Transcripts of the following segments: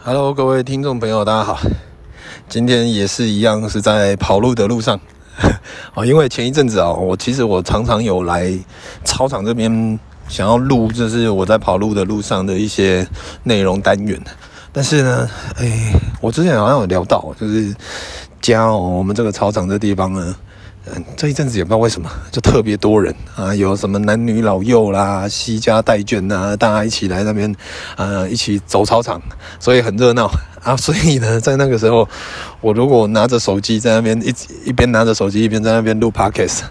哈嘍，各位聽眾朋友，大家好。今天也是一樣，是在跑路的路上。因為前一陣子啊、喔，我其實我常常有來操場這邊，想要錄就是我在跑路的路上的一些內容單元。但是呢，哎、欸，我之前好像有聊到，就是家哦、喔，我們這個操場這地方呢。這一陣子也不知道為什麼，就特別多人啊，有什麼男女老幼啦，攜家帶眷吶，大家一起來那邊，呃，一起走操場，所以很熱鬧啊。所以呢，在那個時候，我如果拿着手機在那邊一一邊拿着手機一邊在那邊錄 podcast，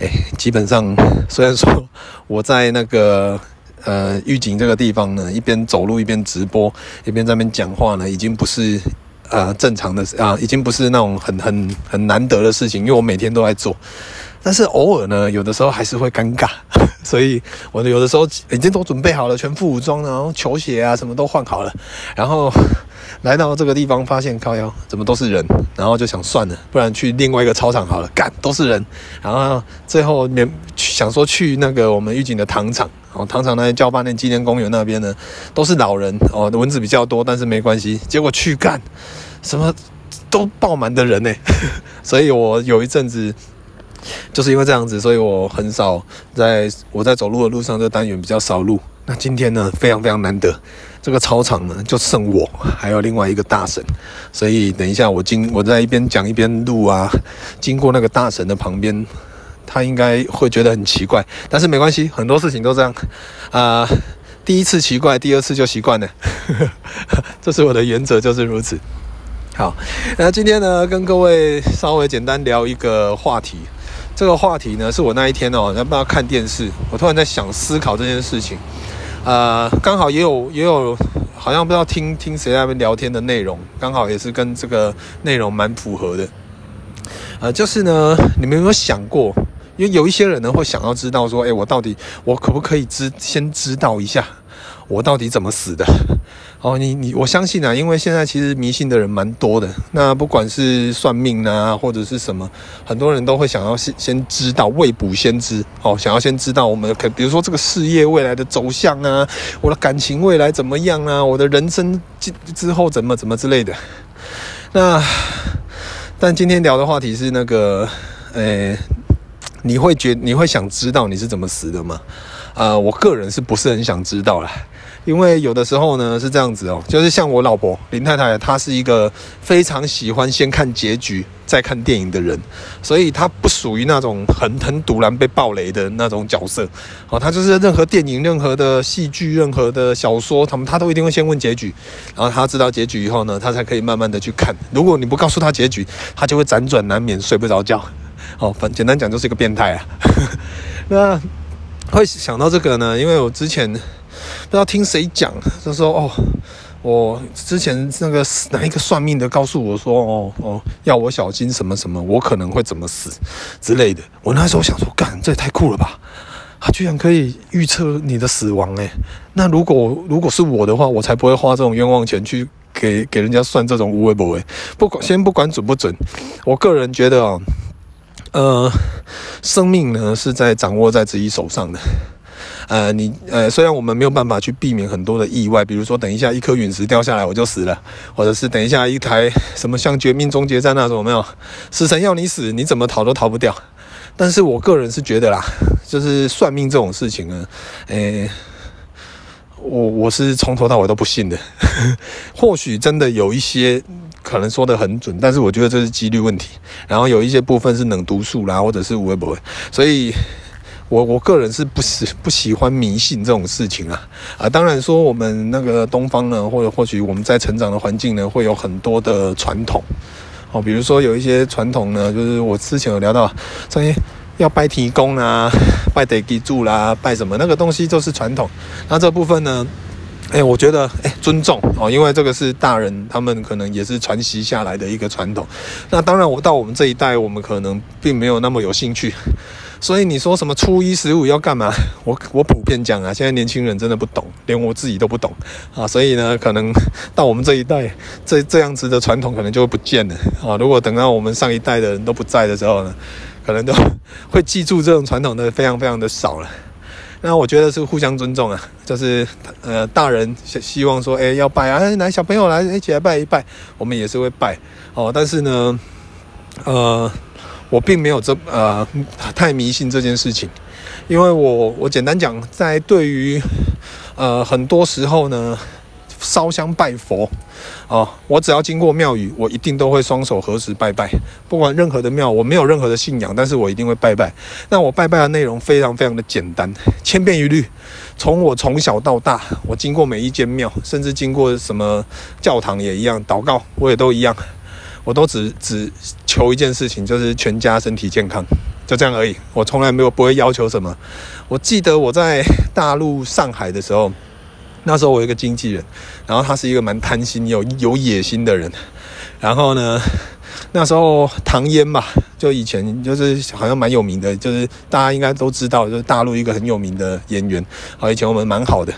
哎、欸，基本上雖然說我在那個呃獄警這個地方呢，一邊走路一邊直播，一邊在那邊講話呢，已經不是。呃，正常的啊，呃，已經不是那種很很很難得的事情，因為我每天都在做，但是偶爾呢，有的時候還是會尷尬，所以我有的時候已經都準備好了，全副武裝，然後球鞋啊什麼都換好了，然後來到這個地方發現靠腰，怎麼都是人，然後就想算了，不然去另外一個操場好了，幹都是人，然後最後想說去那個我們獄警的糖廠。哦，唐場那些教班的紀念公園那邊呢，都是老人哦，蚊子比較多，但是沒關係。結果去幹什麼，都爆滿的人呢。 所以我有一陣子就是因為這樣子，所以我很少在我在跑路的路上這單元比較少錄。那今天呢，非常非常難得，這個操場呢就剩我還有另外一個大神，所以等一下我經我在一邊講一邊錄啊，經過那個大神的旁邊。他應該會覺得很奇怪，但是沒關係，很多事情都這樣啊、呃。第一次奇怪，第二次就習慣了呵呵。這是我的原則，就是如此。好，那、呃、今天呢，跟各位稍微簡單聊一個話題。這個話題呢，是我那一天哦，要不要看電視，我突然在想思考這件事情。啊、呃，剛好也有也有，好像不知道聽聽誰在那邊聊天的內容，剛好也是跟這個內容蠻符合的。呃，就是呢，你們有沒有想過？因為有一些人呢，會想要知道說，誒，我到底我可不可以知先知道一下，我到底怎麼死的？哦，你你，我相信啊，因為現在其實迷信的人蠻多的。那不管是算命啊，或者是什麼，很多人都會想要先先知道未卜先知哦，想要先知道我們可比如說這個事業未來的走向啊，我的感情未來怎麼樣啊，我的人生之之後怎麼怎麼之類的。那但今天聊的話題是那個，誒。你會覺得你會想知道你是怎麼死的嗎？呃，我個人是不是很想知道啦？因為有的時候呢是這樣子哦，就是像我老婆林太太，她是一個非常喜歡先看結局再看電影的人，所以她不屬於那種很很突然被爆雷的那種角色。哦，她就是任何電影、任何的戲劇、任何的小說，他們她都一定會先問結局，然後她知道結局以後呢，她才可以慢慢的去看。如果你不告訴她結局，她就會輾轉難眠，睡不着覺。哦，反正簡單講就是一個變態啊。 那會想到這個呢？因為我之前不知道聽誰講，就說：“哦，我之前那個哪一個算命的告訴我說，哦哦，要我小心什麼什麼，我可能會怎麼死之類的。”我那時候想說，幹這也太酷了吧！他、啊、居然可以預測你的死亡哎、欸。那如果如果是我的話，我才不會花這種冤枉錢去給給人家算這種無龜，不管先不管準不準，我個人覺得哦。呃，生命呢是在掌握在自己手上的。呃，你呃，雖然我們沒有辦法去避免很多的意外，比如說等一下一顆隕石掉下來我就死了，或者是等一下一台什麼像《絕命終結站》那種沒有，死神要你死，你怎麼逃都逃不掉。但是我個人是覺得啦，就是算命這種事情呢，誒、呃。我我是從頭到尾都不信的，呵呵，或許真的有一些可能說得很準，但是我覺得這是幾率問題。然後有一些部分是冷讀術啦，或者是會不會？所以我，我我個人是不是不喜歡迷信這種事情啊？啊、呃，當然說我們那個東方呢，或者或許我們在成長的環境呢，會有很多的傳統。哦，比如說有一些傳統呢，就是我之前有聊到，上一。要拜天公啊，拜地基主啦、啊，拜什麼？那個東西就是傳統。那這部分呢？哎，我覺得哎，尊重哦，因為這個是大人他們可能也是傳習下來的一個傳統。那當然，我到我們這一代，我們可能並沒有那麼有興趣。所以你說什麼初一十五要幹嘛？我我普遍講啊，現在年輕人真的不懂，連我自己都不懂啊。所以呢，可能到我們這一代，這這樣子的傳統可能就不見了啊。如果等到我們上一代的人都不在的時候呢？可能都會記住這種傳統的非常非常的少了，那我覺得是互相尊重啊，就是呃大人希希望說，哎要拜啊，來小朋友來，一起來拜一拜，我們也是會拜哦，但是呢，呃，我並沒有這呃太迷信這件事情，因為我我簡單講，在對於呃很多時候呢，燒香拜佛，啊、哦，我只要經過廟宇，我一定都會雙手合十拜拜。不管任何的廟，我沒有任何的信仰，但是我一定會拜拜。那我拜拜的內容非常非常的簡單，千篇一律。從我從小到大，我經過每一間廟，甚至經過什麼教堂也一樣，禱告我也都一樣。我都只只求一件事情，就是全家身體健康，就這樣而已。我從來沒有不會要求什麼。我記得我在大陸上海的時候。那時候我有一個經紀人，然後他是一個蠻貪心有、有野心的人。然後呢，那時候唐嫣吧，就以前就是好像蠻有名的，就是大家應該都知道，就是大陸一個很有名的演員。好，以前我們蠻好的。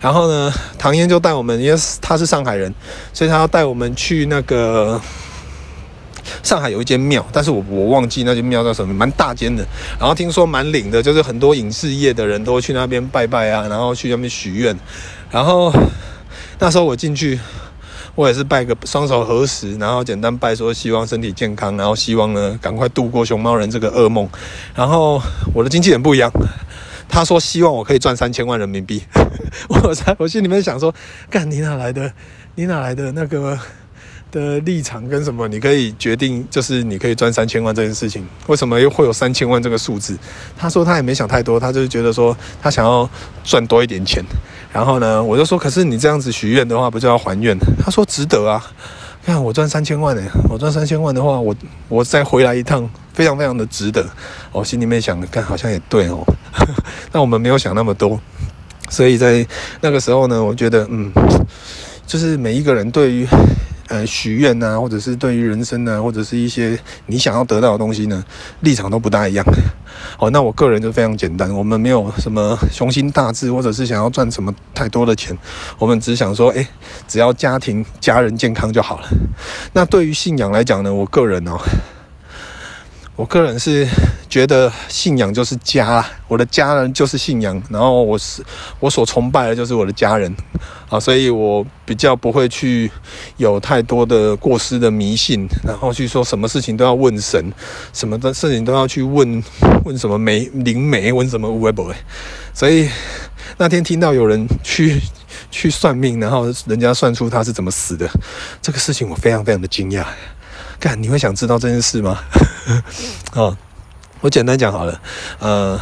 然後呢，唐嫣就帶我們，因為他是上海人，所以他要帶我們去那個上海有一間廟，但是我我忘記那間廟叫什麼，蠻大間的。然後聽說蠻靈的，就是很多影視業的人都會去那邊拜拜啊，然後去那邊許願。然後那時候我進去，我也是拜個雙手合十，然後簡單拜說，希望身體健康，然後希望呢趕快度過熊貓人這個噩夢。然後我的經紀人不一樣，他說希望我可以賺三千萬人民幣。 我在我心裡面想說，幹你哪來的？你哪來的那個的立場跟什麼？你可以決定，就是你可以賺三千萬這件事情，為什麼又會有三千萬這個數字？他說他也沒想太多，他就是覺得說他想要賺多一點錢。然後呢，我就說，可是你這樣子許願的話，不就要還願？他說值得啊，看我賺三千萬誒、欸、我賺三千萬的話，我我再回來一趟，非常非常的值得。我、哦、心裡面想，的，看好像也對哦。那我們沒有想那麼多，所以在那個時候呢，我覺得嗯，就是每一個人對於。呃，許願吶，或者是對於人生呢，或者是一些你想要得到的東西呢，立場都不大一樣。好，那我個人就非常簡單，我們沒有什麼雄心大志，或者是想要賺什麼太多的錢，我們只想說，哎，只要家庭家人健康就好了。那對於信仰來講呢，我個人哦。我個人是覺得信仰就是家，我的家人就是信仰，然後我是我所崇拜的就是我的家人，啊，所以我比較不會去有太多的過失的迷信，然後去說什麼事情都要問神，什麼的事情都要去問問什麼媒靈媒，問什麼烏鴉卜，所以那天聽到有人去去算命，然後人家算出他是怎麼死的，這個事情我非常非常的驚訝。幹，你會想知道這件事嗎？ 哦，我簡單講好了。呃，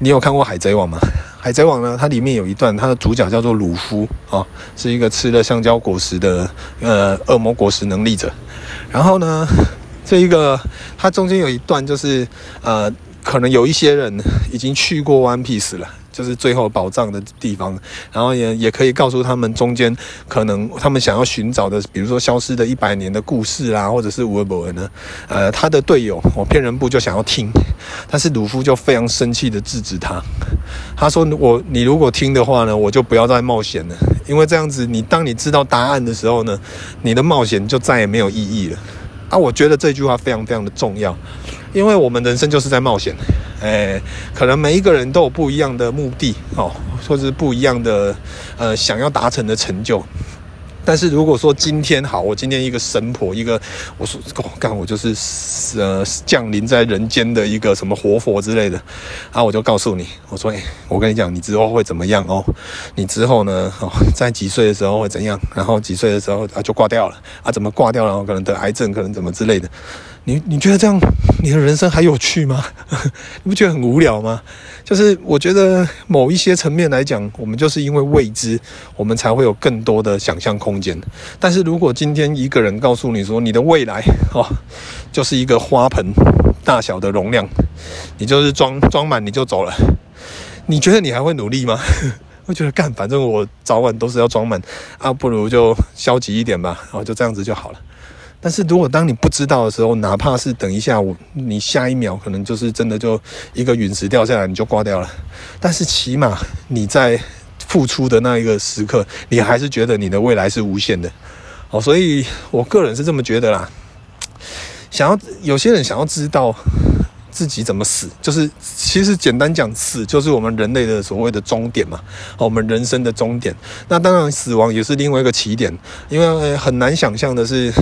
你有看過《海賊王》嗎？《海賊王》呢，它裡面有一段，它的主角叫做魯夫，哦，是一個吃了橡膠果實的呃惡魔果實能力者。然後呢，這一個它中間有一段，就是呃，可能有一些人已經去過《One Piece》了。就是最後寶藏的地方，然後也也可以告訴他們中間可能他們想要尋找的，比如說消失的一百年的故事啊，或者是威爾伯呢，呃，他的隊友，我、哦、騙人部就想要聽，但是魯夫就非常生氣地制止他，他說我你如果聽的話呢，我就不要再冒險了，因為這樣子你當你知道答案的時候呢，你的冒險就再也沒有意義了，啊，我覺得這句話非常非常的重要。因為我們人生就是在冒險，哎，可能每一個人都有不一樣的目的哦，或者是不一樣的呃想要達成的成就。但是如果說今天好，我今天一個神婆，一個我說、哦、幹我就是、呃、降臨在人間的一個什麼活佛之類的，啊，我就告訴你，我說哎，我跟你講，你之後會怎麼樣哦？你之後呢，哦，在幾歲的時候會怎樣？然後幾歲的時候啊就掛掉了啊？怎麼掛掉？然後可能得癌症，可能怎麼之類的。你你覺得這樣，你的人生還有趣嗎？ 你不覺得很無聊嗎？就是我覺得某一些層面來講，我們就是因為未知，我們才會有更多的想象空間。但是如果今天一個人告訴你說，你的未來哦，就是一個花盆大小的容量，你就是裝裝滿你就走了，你覺得你還會努力嗎？會 覺得幹，反正我早晚都是要裝滿，啊，不如就消極一點吧，然後，哦，就這樣子就好了。但是如果當你不知道的時候，哪怕是等一下我，你下一秒可能就是真的就一個隕石掉下來你就掛掉了。但是起碼你在付出的那一個時刻，你還是覺得你的未來是無限的。好、哦，所以我個人是這麼覺得啦。想要有些人想要知道。自己怎麼死，就是其實簡單講，死就是我們人類的所謂的終點嘛，我們人生的終點。那當然，死亡也是另外一個起點，因為很難想象的是，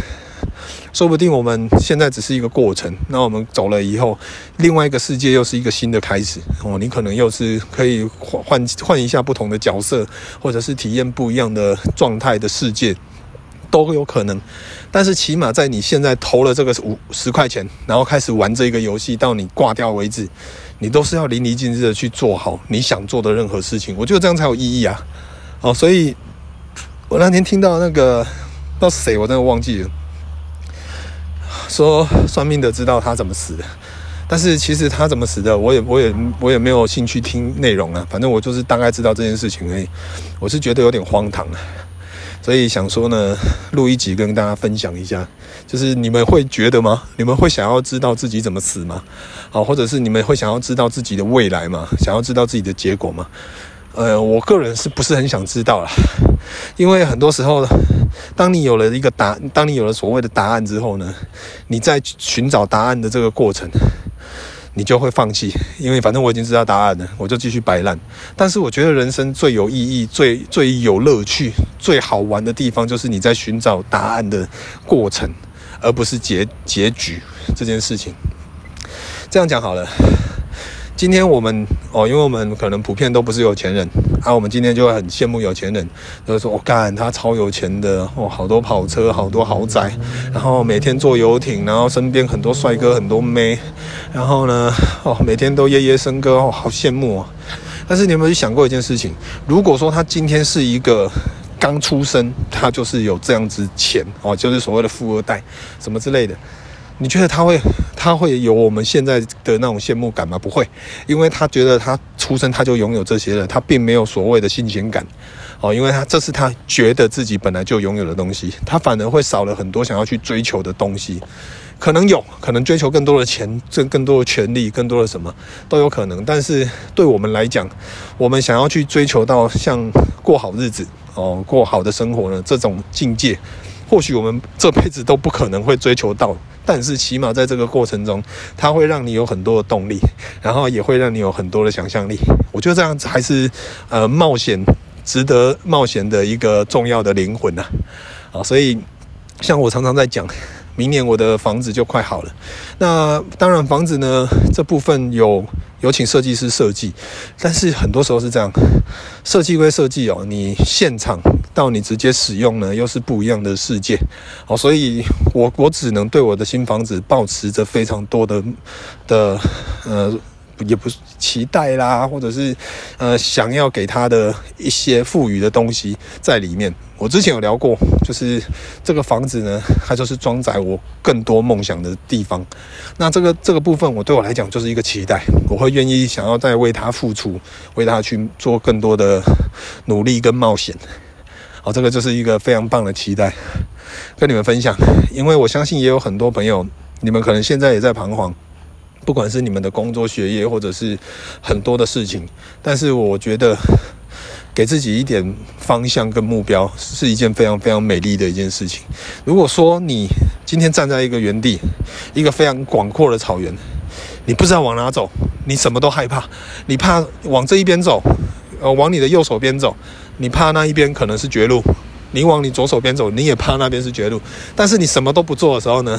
說不定我們現在只是一個過程，那我們走了以後，另外一個世界又是一個新的開始哦，你可能又是可以換換換一下不同的角色，或者是體驗不一樣的狀態的世界。都有可能，但是起碼在你現在投了這個五十塊錢，然後開始玩這個遊戲到你掛掉為止，你都是要淋漓盡致的去做好你想做的任何事情，我覺得這樣才有意義啊！哦，所以我那天聽到那個不知道是誰，我真的忘記了，說算命的知道他怎麼死，但是其實他怎麼死的，我也我也我也沒有興趣聽內容啊，反正我就是大概知道這件事情而已，我是覺得有點荒唐啊。所以想說呢，錄一集跟大家分享一下，就是你們會覺得嗎？你們會想要知道自己怎麼死嗎？好、哦，或者是你們會想要知道自己的未來嗎？想要知道自己的結果嗎？呃，我個人是不是很想知道啦？因為很多時候，當你有了一個答，當你有了所謂的答案之後呢，你在尋找答案的這個過程。你就會放棄，因為反正我已經知道答案了，我就繼續擺爛。但是我覺得人生最有意義、最最有樂趣、最好玩的地方，就是你在尋找答案的過程，而不是結結局這件事情。這樣講好了。今天我們哦，因為我們可能普遍都不是有錢人，啊，我們今天就會很羨慕有錢人，就是說，我、哦、幹他超有錢的哦，好多跑車，好多豪宅，然後每天坐遊艇，然後身邊很多帥哥很多妹，然後呢哦，每天都夜夜笙歌哦，好羨慕啊！但是你有沒有想過一件事情？如果說他今天是一個剛出生，他就是有這樣子錢哦，就是所謂的富二代，什麼之類的。你覺得他會，他會有我們現在的那種羨慕感嗎？不會，因為他覺得他出生他就擁有這些了，他並沒有所謂的新鮮感，哦，因為他這是他覺得自己本來就擁有的東西，他反而會少了很多想要去追求的東西，可能有可能追求更多的錢，掙更，更多的權力，更多的什麼都有可能，但是對我們來講，我們想要去追求到像過好日子哦，過好的生活呢這種境界。或許我們這輩子都不可能會追求到，但是起碼在這個過程中，它會讓你有很多的動力，然後也會讓你有很多的想象力。我覺得這樣子還是，呃，冒險值得冒險的一個重要的靈魂啊。啊，所以像我常常在講，明年我的房子就快好了。那當然房子呢這部分有。有請設計師設計，但是很多時候是這樣，設計歸設計哦，你現場到你直接使用呢，又是不一樣的世界，哦，所以我我只能對我的新房子抱持着非常多的的呃，也不是期待啦，或者是呃想要給他的一些賦予的東西在裡面。我之前有聊過，就是這個房子呢，它就是裝載我更多夢想的地方。那這個這個部分，我對我來講就是一個期待，我會願意想要再為它付出，為它去做更多的努力跟冒險。好，這個就是一個非常棒的期待，跟你們分享。因為我相信也有很多朋友，你們可能現在也在彷徨，不管是你們的工作、學業，或者是很多的事情。但是我覺得。給自己一點方向跟目標，是一件非常非常美麗的一件事情。如果說你今天站在一個原地，一個非常廣闊的草原，你不知道往哪走，你什麼都害怕，你怕往這一邊走，呃，往你的右手邊走，你怕那一邊可能是絕路；你往你左手邊走，你也怕那邊是絕路。但是你什麼都不做的時候呢，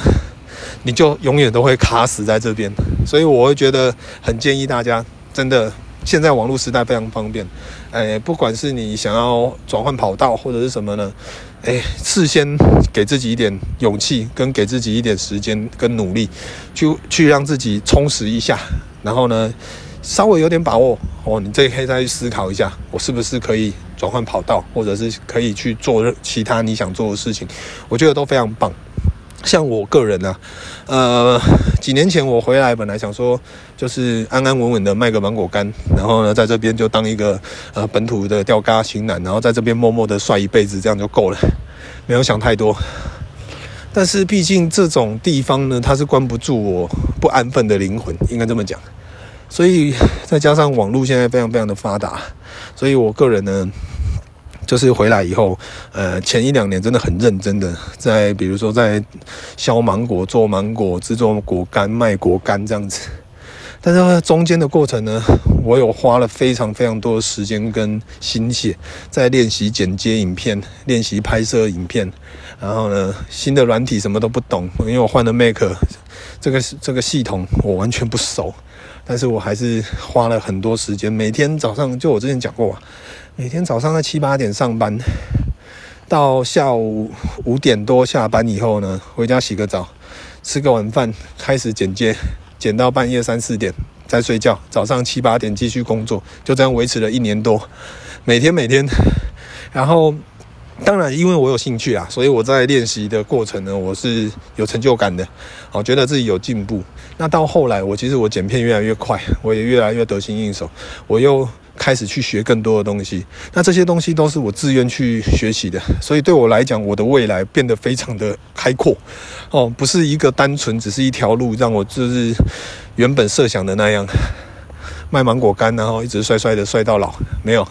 你就永遠都會卡死在這邊。所以我會覺得很建議大家，真的。現在網絡時代非常方便，哎，不管是你想要轉換跑道或者是什麼呢？哎，事先給自己一點勇氣，跟給自己一點時間跟努力，就去，去讓自己充實一下，然後呢，稍微有點把握，哦，你這可以再去思考一下，我是不是可以轉換跑道，或者是可以去做其他你想做的事情，我覺得都非常棒。像我個人呢、啊，呃，幾年前我回來，本來想說就是安安穩穩的賣個芒果乾，然後呢，在這邊就當一個呃本土的吊嘎型男，然後在這邊默默的帥一輩子，這樣就夠了，沒有想太多。但是畢竟這種地方呢，它是關不住我不安分的靈魂，應該這麼講。所以再加上網絡現在非常非常的發達，所以我個人呢。就是回來以後，呃，前一兩年真的很認真的在，在比如說在削芒果、做芒果、製作果乾、賣果乾這樣子。但是中間的過程呢，我有花了非常非常多的時間跟心血，在練習剪接影片、練習拍攝影片。然後呢，新的軟體什麼都不懂，因為我換了 Mac，這個這個系統我完全不熟。但是我還是花了很多時間，每天早上就我之前講過啊。每天早上在七八點上班，到下午五點多下班以後呢，回家洗個澡，吃個晚飯，開始剪接，剪到半夜三四點再睡覺。早上七八點繼續工作，就這樣維持了一年多，每天每天。然後，當然因為我有興趣啊，所以我在練習的過程呢，我是有成就感的，我覺得自己有進步。那到後來，我其實我剪片越來越快，我也越來越得心應手，我又。開始去學更多的東西，那這些東西都是我自願去學習的，所以對我來講，我的未來變得非常的開闊，哦，不是一個單純只是一條路，讓我就是原本設想的那樣，賣芒果乾，然後一直帥帥的帥到老，沒有，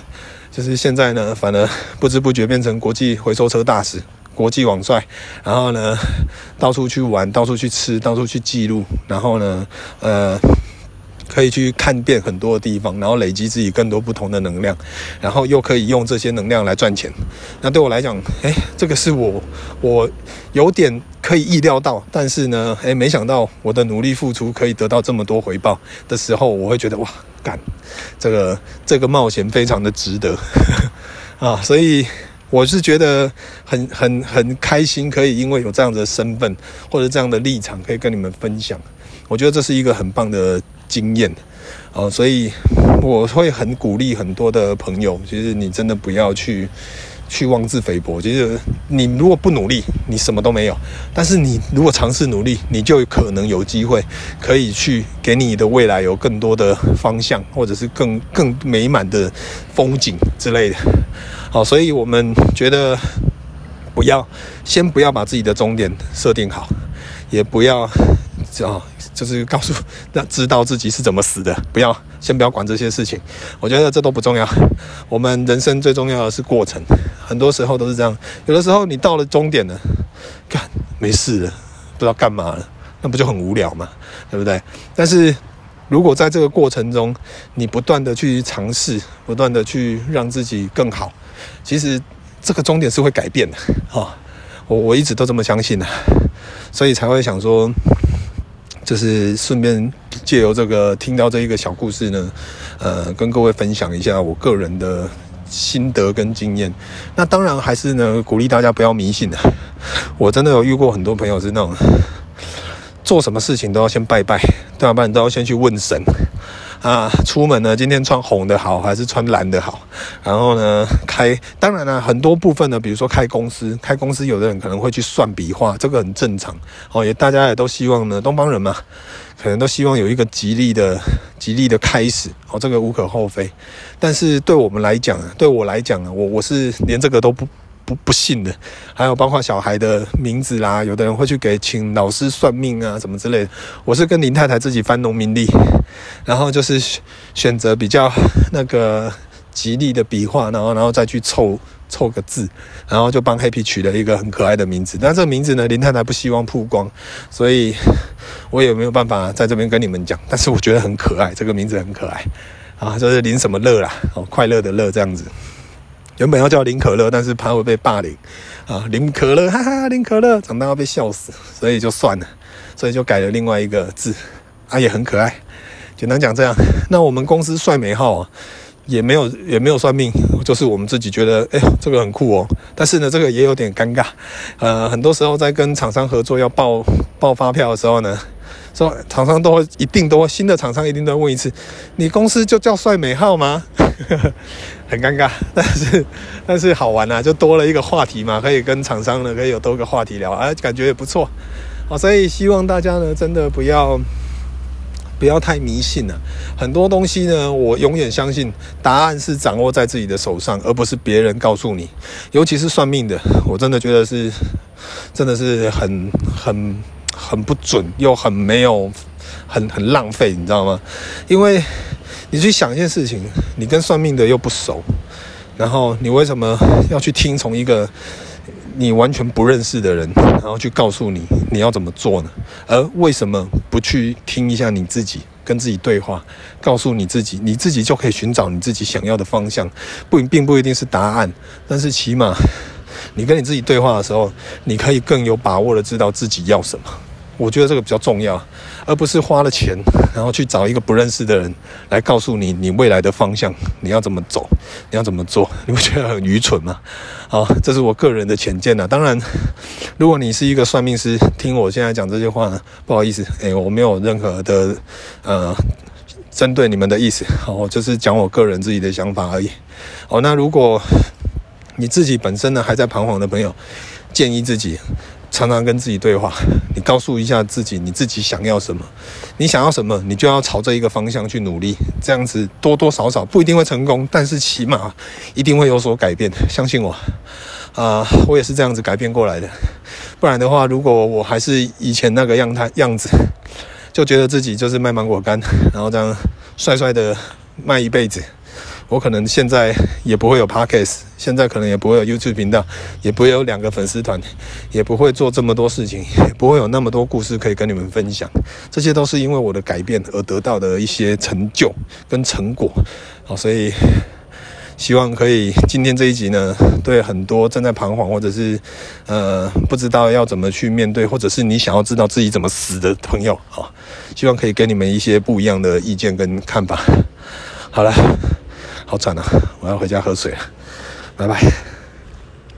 就是現在呢，反而不知不覺變成國際回收車大使、國際網帥，然後呢，到處去玩，到處去吃，到處去記錄，然後呢，呃。可以去看遍很多的地方，然後累積自己更多不同的能量，然後又可以用這些能量來賺錢。那對我來講，誒，這個是我我有點可以意料到，但是呢，誒，沒想到我的努力付出可以得到這麼多回報的時候，我會覺得哇，幹這個這個冒險非常的值得 啊！所以我是覺得很很很開心，可以因為有這樣的身份或者這樣的立場，可以跟你們分享。我覺得這是一個很棒的。經驗，啊，所以我會很鼓勵很多的朋友。其實你真的不要去，去妄自菲薄。就是你如果不努力，你什麼都沒有。但是你如果嘗試努力，你就可能有機會可以去給你的未來有更多的方向，或者是更更美滿的風景之類的。好，所以我們覺得不要先不要把自己的終點設定好，也不要。哦，就是告訴那知道自己是怎麼死的，不要先不要管這些事情。我覺得這都不重要。我們人生最重要的是過程，很多時候都是這樣。有的時候你到了終點了，幹沒事了，不知道幹嘛了，那不就很無聊嘛？對不對？但是如果在這個過程中，你不斷的去嘗試，不斷的去讓自己更好，其實這個終點是會改變的。哦，我我一直都這麼相信啊，所以才會想說。就是順便借由這個聽到這一個小故事呢，呃，跟各位分享一下我個人的心得跟經驗。那當然還是呢，鼓勵大家不要迷信的啊。我真的有遇過很多朋友是那種做什麼事情都要先拜拜，大半都要先去問神。啊，出門呢，今天穿紅的好還是穿藍的好？然後呢，開，當然啊，很多部分呢，比如說開公司，開公司有的人可能會去算筆畫，這個很正常。哦，也大家也都希望呢，東方人嘛，可能都希望有一個吉利的、吉利的開始。哦，這個無可厚非。但是對我們來講，對我來講呢，我我是連這個都不。不，不信的。還有包括小孩的名字啦，有的人會去給請老師算命啊，什麼之類的。我是跟林太太自己翻農民曆，然後就是選擇比較那個吉利的筆畫，然後然後再去湊湊個字，然後就幫黑皮取了一個很可愛的名字。但這個名字呢，林太太不希望曝光，所以我也沒有辦法在這邊跟你們講。但是我覺得很可愛，這個名字很可愛啊，就是林什麼樂啦，哦，快樂的樂這樣子。原本要叫林可樂，但是怕會被霸凌，啊、呃，林可樂，哈哈，林可樂，長大要被笑死，所以就算了，所以就改了另外一個字，啊，也很可愛。簡單講這樣，那我們公司帥美號，啊，也沒有也沒有算命，就是我們自己覺得，哎、欸、呦，這個很酷哦。但是呢，這個也有點尷尬，呃，很多時候在跟廠商合作要報報發票的時候呢，說廠商都會一定都會新的廠商一定都會問一次，你公司就叫帥美號嗎？ 很尷尬，但是但是好玩吶、啊，就多了一個話題嘛，可以跟廠商呢可以有多個話題聊，啊，感覺也不錯。啊。所以希望大家呢，真的不要不要太迷信了、啊。很多東西呢，我永遠相信答案是掌握在自己的手上，而不是別人告訴你。尤其是算命的，我真的覺得是真的是很很很不準，又很沒有很很浪費，你知道嗎？因為。你去想一件事情，你跟算命的又不熟，然後你為什麼要去聽從一個你完全不認識的人，然後去告訴你你要怎麼做呢？而為什麼不去聽一下你自己跟自己對話，告訴你自己，你自己就可以尋找你自己想要的方向，不，並不一定是答案，但是起碼你跟你自己對話的時候，你可以更有把握的知道自己要什麼。我覺得這個比較重要，而不是花了錢，然後去找一個不認識的人來告訴你，你未來的方向，你要怎麼走，你要怎麼做，你不覺得很愚蠢嗎？好、哦，這是我個人的淺見啊。當然，如果你是一個算命師，聽我現在講這些話，不好意思，哎，我沒有任何的呃針對你們的意思，好、哦，就是講我個人自己的想法而已。好、哦，那如果你自己本身呢，還在彷徨的朋友，建議自己。常常跟自己對話，你告訴一下自己，你自己想要什麼？你想要什麼，你就要朝這一個方向去努力。這樣子多多少少不一定會成功，但是起碼一定會有所改變。相信我，啊、呃，我也是這樣子改變過來的。不然的話，如果我還是以前那個樣態樣子，就覺得自己就是賣芒果乾，然後這樣帥帥的賣一輩子。我可能現在也不會有 podcast，現在可能也不會有 YouTube 頻道，也不會有兩個粉絲團，也不會做這麼多事情，也不會有那麼多故事可以跟你們分享。這些都是因為我的改變而得到的一些成就跟成果。好，所以希望可以今天這一集呢，對很多正在彷徨或者是呃不知道要怎麼去面對，或者是你想要知道自己怎麼死的朋友，好，希望可以給你們一些不一樣的意見跟看法。好了。好慘啊，我要回家喝水了，拜拜。